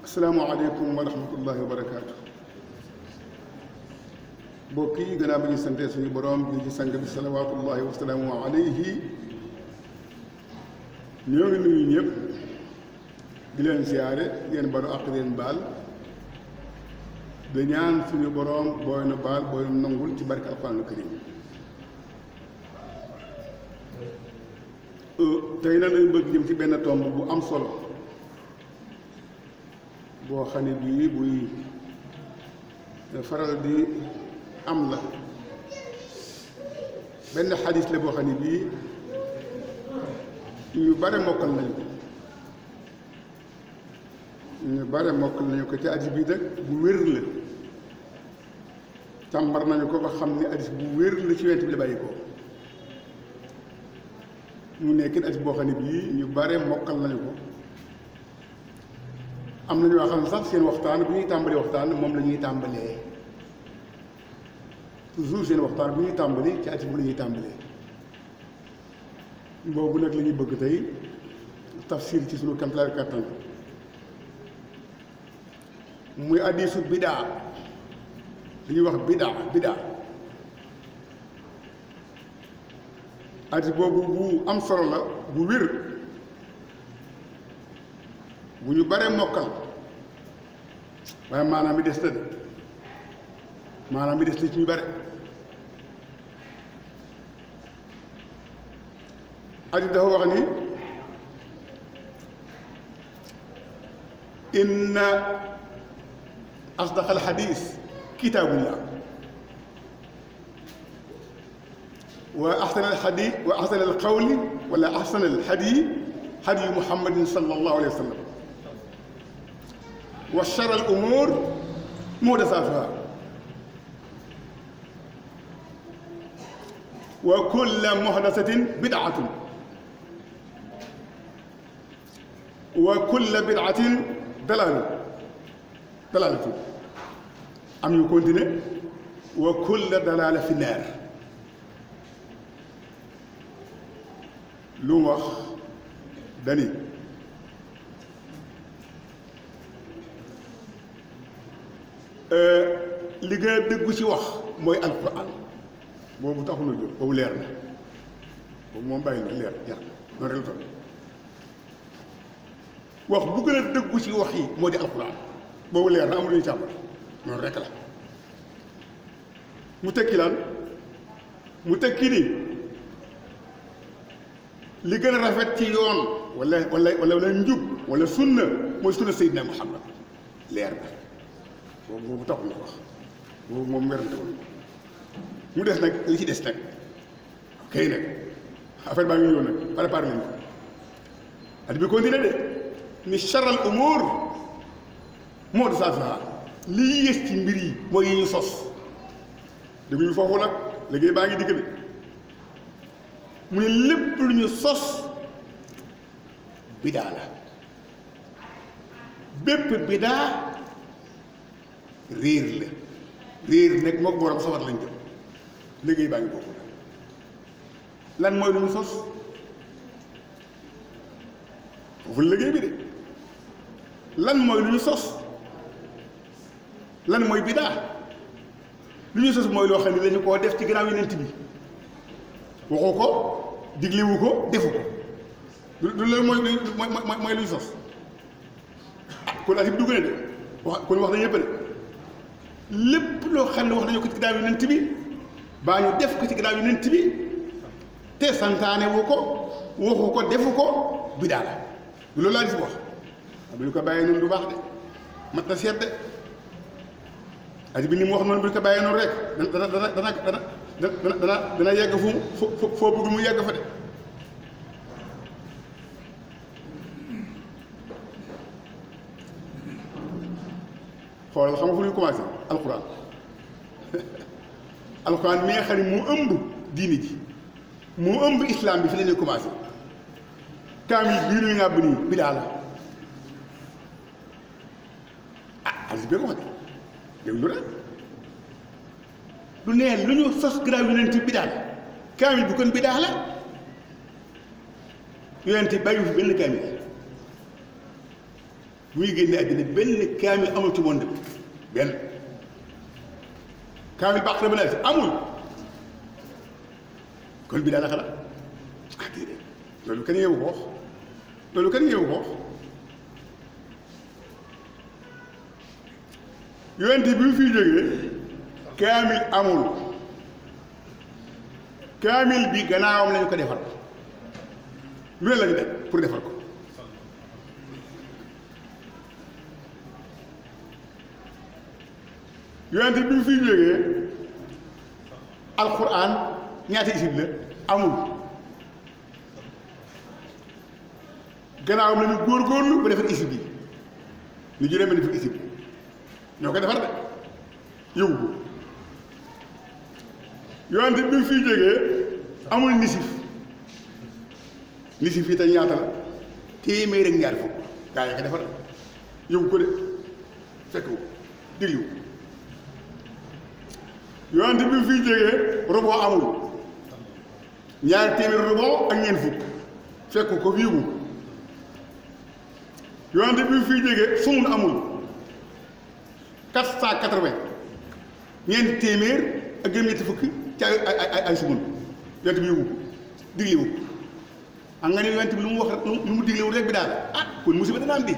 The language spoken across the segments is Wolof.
السلام عليكم ورحمة الله وبركاته. بوكي جنابني سنتي سني برام بيجي سنجد سلوات الله وسلامه عليه. نيوم نيوم جلنا زيارة جن برا أقدين بال. دنيان سني برام بوين بال بوين نقول تبارك الله الكريم. تينا نبغي نمشي بين التومبو أم سلام. boo xam ne bii buy faral di am la benn xadis la boo xam ne bii ñu bare mokkal nañu ko ñu bare mokkal nañu ko ci addis bii nag bu wér la càmbar nañu ko ba xam ne addis bu wér la ci went bi la bàyyi ko mu nekkin addis boo xam ne bii ñu bare mokkal nañu ko am na ñoo xam sax seen waxtaan bu ñuy tàmbali waxtaan moom la ñuy tàmbalee toujours seen waxtaan bu ñuy tàmbali ci at bu ñuy tàmbalee boobu nag la ñuy bëgg tey tafsir ci sunu kamtalaay kàttan muy hadiisu ñuy wax bidaa bidaa hadiis boobu bu am solo la bu wér buñu bare mokal way manam bi dess de manam bi dess ان اصدق الحديث كتاب الله واحسن الحديث واحسن القول ولا احسن الحديث حديث محمد صلى الله عليه وسلم وشر الأمور محدثاتها وكل محدثة بدعة وكل بدعة دلالة دلالة أم يكون وكل دلالة في النار لوخ دليل li gën a dëggu ci wax mooy alquran boobu taxu na jóg boobu leer na boobu moom bàyyi na leer jar na noonu rek wax bu gën a dëggu ci wax yi moo di alquran boobu leer na amul ñu càmbar noonu rek la mu tekki lan mu tekki ni li gën a rafet ci yoon wala wala wala njub wala sunna mooy sunna Seydina Muhammad leer na boobu boobu taxul na wax boobu mu des nag li ci des nag kay nag affaire baa ngi ñëw nag préparé nañ ko at bi continué de ni charal umur moo di saa lii yées ci mbir yi mooy yi ñu sos dégguñu foofu nag liggéey baa ngi digg de mu ne lépp lu ñu sos bidaa la bépp bidaa riir la riir nag mook borom sawar lañ jëm liggéey baa ngi bokku lan mooy lu mu sos foofu liggéey bi de lan mooy lu ñu sos lan mooy bidaa lu ñu sos mooy loo xam ne dañu koo def ci ginnaaw yonent bi waxu ko diglewu ko defu ko du loolu mooy mooy mooy lu ñu sos kon at bi dugg na de wax kon wax na yëpp de lépp loo xam ne wax dañu ko ci ginnaaw yonent bi baa ñu def ko ci ginnaaw yonent bi te santaane wu ko waxu ko defu ko bidaa la loolu laaj gis wax bu ñu ko bàyyee noonu du baax de mat na seet de at bi ni mu wax noonu bu ñu ko bàyyee noonu rek dana dana dana dana dana dana yegg fu foo bëgg mu yegg fa de kooral xam nga fu ñu commencé alquran alxuraan mi nga xam ne moo ëmb diini ji moo ëmb islam bi fi la ñuy commencé kaamil bii ñuy nàbb nii bi la ah alxuraan bi ko waxee lu rek lu neen lu ñu sos yu yonent bi bidaa la kaamil bu kon bidaa la yu yonent bayu fi benn kaamil ويجينا ادنى بل كامل امر تبوند بل كامل باقر بلاز امر كل بلا نخلا لولو كان يوخ لولو كان يوخ يوانت بيو في جوغي كامل امر كامل بي غناوم لا نكو ديفال لولو لا ديف يوانت بيم في نيغي القران نياتي اسم لا امول غناو لا ني غور غورلو با ديفر اسم بي ني جيري ملي في اسم نيوكا ديفر دا يوغو يوانت بيم في نيغي امول نيسيف نيسيف في تا نياتا تيمير نيار فوك دا يوكا ديفر يوغو كو دي فكو ديريو yonent bi fii jógee robo amul ñaari téeméer robo ak ñeent fukk fekk ko fiigu yonent bi fii jógee sumun amul quatre cent quatre-vingts ñeent téeméer ak juróom-ñetti fukk ci ay ay ay sumun yonent bi yëgu diglewu xam nga ni yonent bi lu mu wax lu mu diglewu rek bi daal ah kon musiba dana am di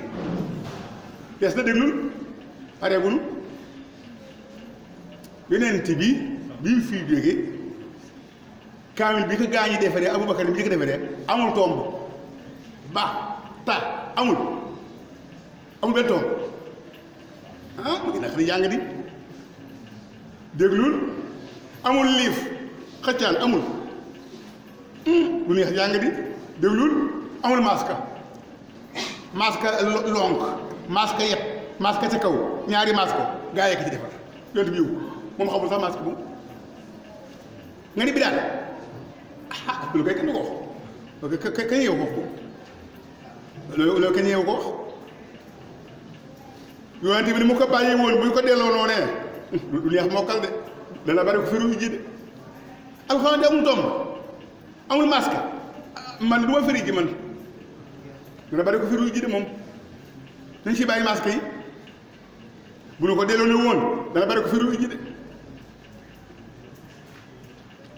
des na déglul pareegunu yonent bi bi fi jóge kaamil bi ko gaa ñi defaree Abubakar bi ñu ko defaree amul tomb ba ta amul amul benn tomb ah ngi di jàng di déglul amul liif xëccaan amul bu neex jàng di déglul amul maska maska lonk maska yet maska ca kaw ñaari maska gaa yekk ci defar yonent bi yiw mom xamul sax masque bu ngani ni bidaan ah lu kay kan ko wax loolu kay kañ yeewu ko loolu loolu kay yow ko wax yonent bi ni mu ko baye won bu ñu ko delloo noonee du neex mokkal de dana bari ko firu ji de alxuraan di amul tom amul masque ah, man duma firi ji man dana bari ko firu ji de mom dañ ci baye masque yi bu lu ko delloo ne da dana bari ko firu ji de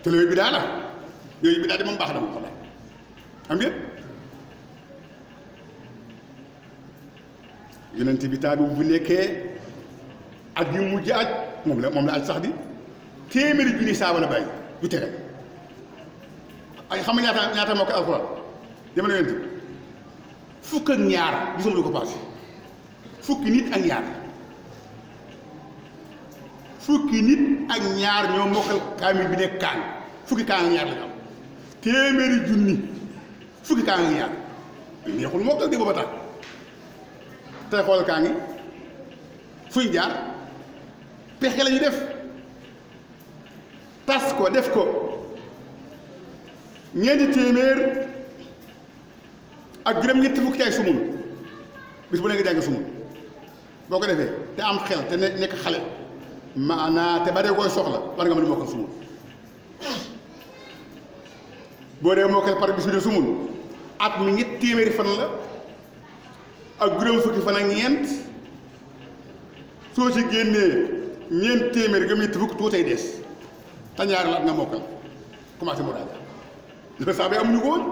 te loolu bi daa la yooyu bi daa di moom baax na moom xam am ngeen yonent bi taabi bu nekkee ak yu mujj aj moom la moom la aj sax di téeméeri junni saaba la bàyyi du tere ay xam nga ñaata ñaata moo ko alxuraan jamono yonent fukk ak ñaar gisuma lu ko passé fukki nit ak ñaar fukki nit ak ñaar ñoo mokkal kaamil bi nekk kaan fukki kaan ak ñaar la am téeméeri junni fukki kaan ak ñaar neexul mokkal di booba tax tey xool kaan yi fuñ jaar pexe la def tas def ko ñeenti téeméer ak juróom-ñetti fukki ay sumul bis bu ne nga jàng sumul boo ko defee te am xel te nekk xale maanaa te ba dee koy soxla war nga mën a mokkal sumul boo dee mokkal par bis bi de sumul at mi ñett téeméeri fan la ak juróom fukki fan ak ñeent soo ci génnee ñeent téeméeri gëm ñetti fukk tuutay des te ñaari la at nga mokkal commencé mu amuñu ko woon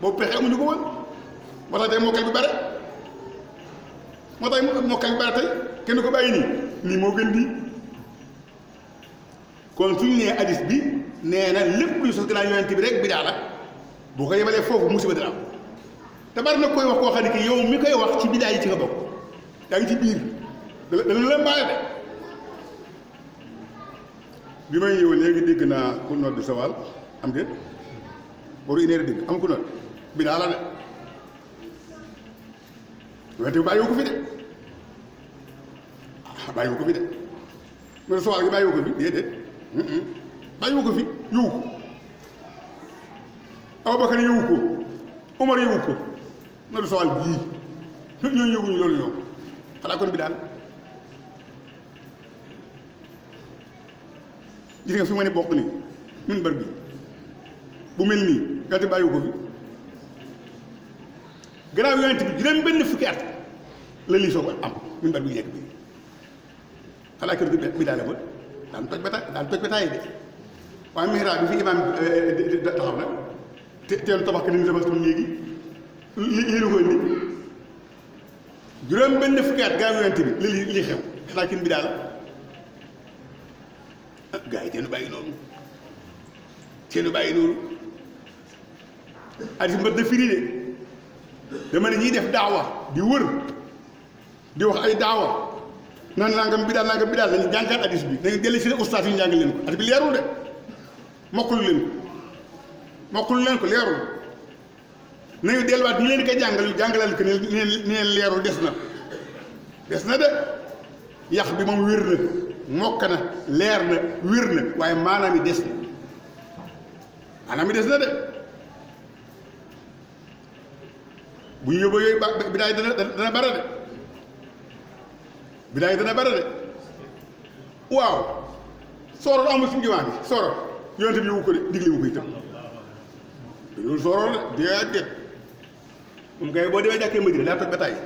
boobu pexe amuñu ko woon moo tax tey mokkal bi bare moo tax mokkal bi bare tey kenn ko bàyyi nii nii moo gën di kon suñu nee hadis bi nee na lépp luy sos gannaaw yonent bi rek bidaa la boo ko yebalee foofu musiba dina am te bari na koy wax koo xam ne ki yow mi koy wax ci bidaa yi ci nga bokk yaa ngi ci biir dana dana la mbaale de bi may ñëw léegi dégg naa ku noot di sawal am déet waru inéer dégg am ku noot bidaa la de wante bàyyiwu ko fi de bàyyiwu ko fi de mu ne sawal gi bàyyiwu ko fi déedéet bàyyi ko fi yóbbu ko Abubakar yóbbu ko Umar yóbbu ko na du sawal bii ñooñu yóbbuñu loolu ñoom xanaa kon bi daal gis nga fi ma ne bokk ni ñun bër bi bu mel nii gàtt bàyyi wu ko fi gannaaw yonent bi juróom benn fukki at la lii soo ko am ñun bër bi yegg bi xanaa kër gi bi daal daan toj ba ta daan toj ba taay de waaye mihraab bi fi imaam taxaw na te teelu tabax ki ni ñu tabax tam léegi li lii lu ko indi juróom benn fukki at gaa yonent bi li li xew xanaa kin bi daal gaa yi teenu bàyyi noonu teenu bàyyi noonu addi mbat da firi de dama ne ñiy def daawa di wër di wax ay daawa noonu nangam bi daal nangam bi daal nañu jàngaat addis bi nañu dellu si ustaas yi njàng leen at bi leerul de mokkul leen ko mokkul leen ko leerul nañu delluwaat ñu leen ko jàngal jàngalal ko ni leen des na des na de yàq bi moom wér na mokk na leer na wér na waaye maanaam yi des na maanaam yi des na de bu ñu yóbboo yooyu ba bi daay dana dana de bidaa yi dana bëri de waaw sooroor amul suñu jiwaan bi sooroor yonent bi wu ko digle wu ko itam loolu sooroor la déedéet moom kay boo demee jàkkee Madina daa toj ba tàyyi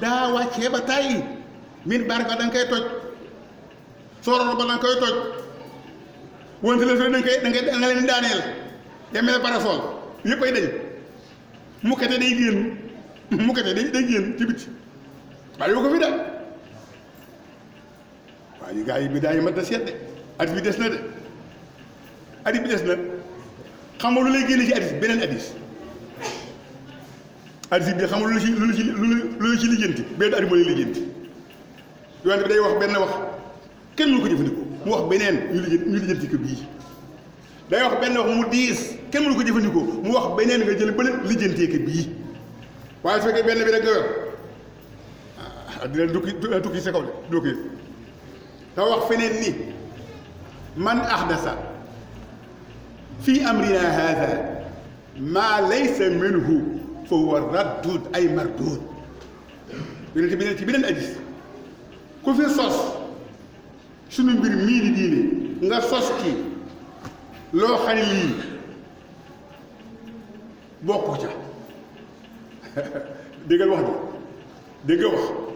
daa wàccee ba tàyyi min baar ba da koy toj sooroor ba da koy toj wante la sori da nga koy da nga leen daaneel demee parasol yëpp ay dañ mukkate day génn mukkate day génn ci biti bàyyi ko fi waaye yu gars yi bi daa yi mat na seet de hadis bi des na de xam nga lu lay génne ci hadis beneen hadis bi xam nga lu la ci lu la ci lu benn hadis moo lay bi day wax benn wax kenn mënu ko jëfandikoo mu wax ko benn wax mu diis kenn jëfandikoo mu wax beneen nga jël bële lijjantee ko bii waaye su fekkee benn bi rek nga ndax dina dukki dukki sa kaw dukki da wax feneen ni man ahdasa fi amrina hada ma laysa minhu fa huwa raddud ay mardud beneen beneen ci beneen hadis ku fi sos sunu mbir mii di diine nga sos ci loo xam ne lii bokku ca déggal wax bi dégg wax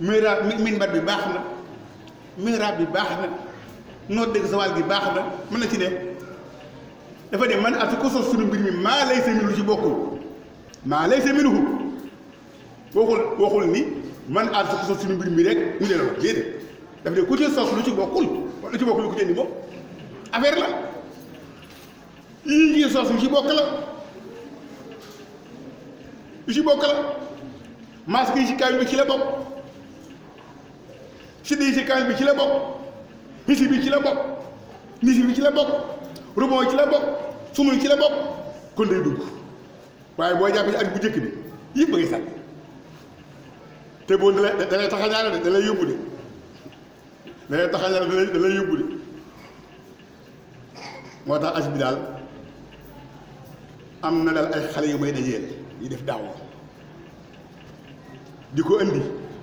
miraab minbar bi baax na miraab bi baax na noo dégg sawaal gi baax na mën na ci ne dafa ne man atu ko sos suñu mbir mi maa lay sa minhu lu ci bokkul maa lay sa minhu waxul man atu suñu mbir mi rek ñu ne sos lu ci bokkul lu ci bokkul lu ko jëndi ci bokk la lu ci bokk la masque ci kaw bi ci la bokk CDJK bi ci la bokk misi bi ci la bokk misi bi ci la bokk rebond ci la bokk sumul ci la bokk kon day dugg waaye boo jàppee bi yëpp a ngi sàkk te da tax a ñaanal de da lay yóbbu a ñaanal tax as am na daal ay xale yu may dajeel yi def daaw di ko indi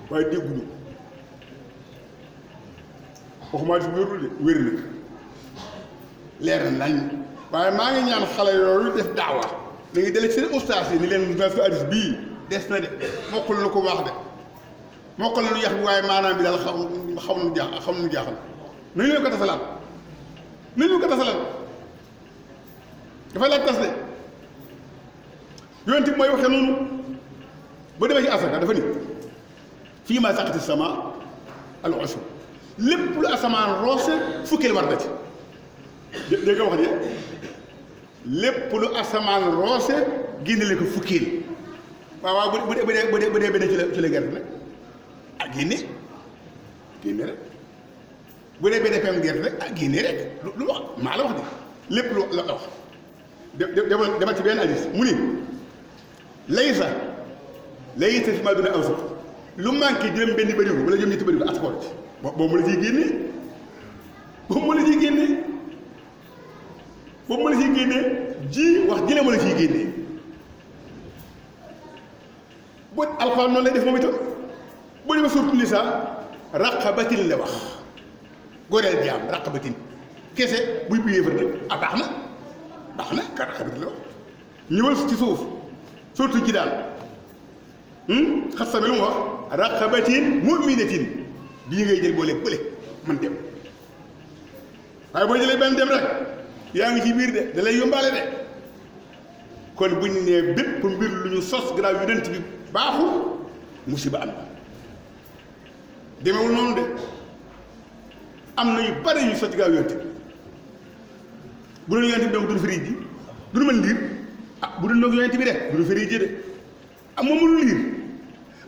waaye dégguñu. waxuma fi wérul de wér na leer nañ waaye maa ngi ñaan xale yooyu def daawa da ngi dale seen ustaas yi ni leen versu hadis bii des na de mokkul lu ko wax de mokkal lu yax bi waaye maanaam bi daal xam xam nu jaax xam nu jaaxal nañu leen ko tasalaat nañu leen ko tasalaat dafay laaj tas de yonent bi mooy waxee noonu ba demee ci asaka dafa ni fii ma saqati sama al ushr lépp lu asamaan roose fukkeel war na ci dégg nga wax de lépp lu asamaan roose génne leen ko fukkeel waaw waaw bu dee bu de bu dee bu dee benn ci la ci la gerte nag ah, génne génne rek bu dee benn pem gerte rek ah génne rek lu lu wax maa la wax de lépp lu la wax de de demal ci benn hadis mu ni laysa laysa fi maa duna ci boobu ma la ciy génne boobu ma la ciy génne boobu ma la ciy génne ji wax jële ma la ciy génne boo alxuraan noonu lay def moom itam boo demee surtout li sax raqabatin la wax goreel jaam raqabatin kese buy buyee fër ah baax na baax na ka raqabatin la wax ñëwal ci suuf surtout ji daal hmm? xas sa lu mu wax raqabatin mu'minatin bii ngay jël boole bële man dem waaye boo jëlee benn dem rek yaa ngi ci biir de dalay lay yombaale de kon buñ nee bépp mbir lu ñu sos gannaaw yonent bi baaxul musiba am demewul noonu de am na yu bare yu sos gannaaw yonent bi bu doon yonent bi donc duñu fi riij ji duñu liir ah bu doon donc yonent bi de duñu fi de ah moom mënul liir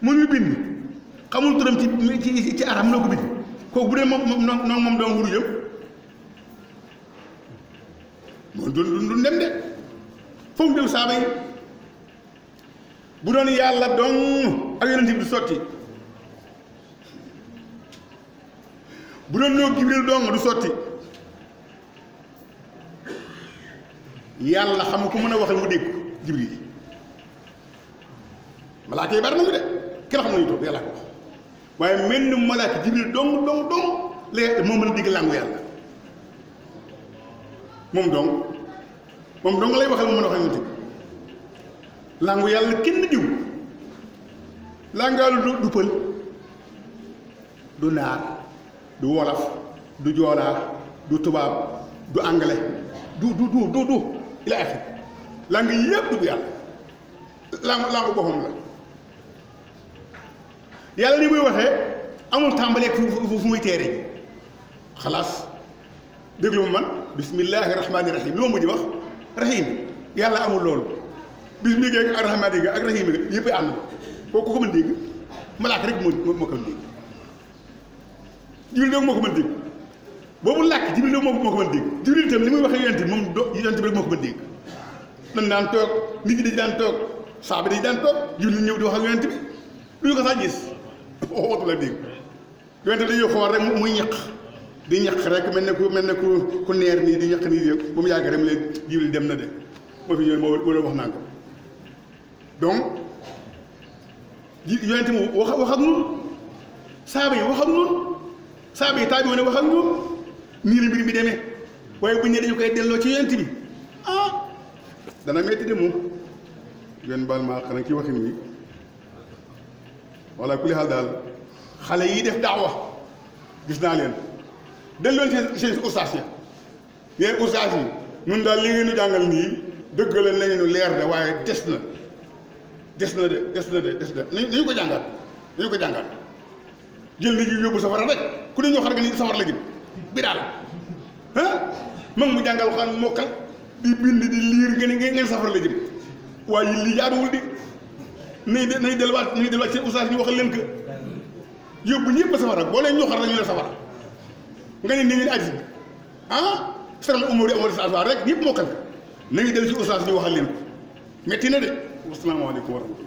mënul bind amul turam ci ci ci aram noo ko bind kooku bu dee moom noonu moom doon wuru moom du dem de foofu dem saaba yi bu doon yàlla dong ak yonent bi du sotti bu doon noo Jibril dong du sotti yàlla xam ko mën a wax mu dégg Jibril malaaka yi bari nañu de kenn xamuñu toog yàlla ko waaye mel ni malaaka jibril dong dong dong la moo mën a moom dong moom dong lay waxal mu mën a wax yonent bi yàlla kenn diw làngaalu du pël du naar du wolof du joolaa du tubaab du anglais du du yàlla làngu làngu boppam la yàlla li muy waxee amul tàmbaleeg fu fu muy teere xalaas déglu ma man bismillahi rahmaani rahim lu ma mujj wax rahim yàlla amul loolu bismi gi ak rahmaani gi ak rahim gi ko ko ko mën dégg boobu làkk jibril doogu moo ko mën dégg jibril itam li muy waxee yonent bi moom do yonent bi rek moo ko mën dégg dañ daan toog nit ñi dañ daan toog saaba daan toog jibril ñëw di wax ak yonent bi duñu ko sax gis waxumatu la dégg yonent dañuy xool rek muy ñaq di ñaq rek mel ne ku mel ne ku ku neer nii di ñaq nii di ba mu yàgg rek mu leen jibril dem na de moo fi ñëw moo wax naa ko donc yonent mu wax ak ñun saaba yi wax ak ñun saaba yi taabi wane wax ak ñun nii la mbir mi demee waaye bu ñu dañu koy delloo ci yonent bi ah dana metti de moom yoon baal maa xanaa ci waxin bi wala ku li xaal daal xale yi def daawa gis naa leen del loon seen seen ustaas ya yéen ustaas yi ñun daal li ngeen jàngal nii dëgg la nañu leer na waaye des na des na de des na de des na nañu ko jàngaat nañu ko jàngaat jël nit ñi yóbbu safara rek ku ne ñoo xam ne nii safara la gi bi daal ah mag mu jàngal xam mokkal di bind di liir ngeen ngeen safara la jëm waaye lii jaaduwul nañ de nañ delluwaat nañ delluwaat seen oustaz ñu wax leen que yóbbu ñëpp safara boo leen ñoo xar dañu leen safara nga ne ni ngeen addis bi ah saral umar yi amar sa aswaar rek nañu dellu ci oustaz ñu wax leen ko metti na de wasalaamaaleykum wa rahmatulah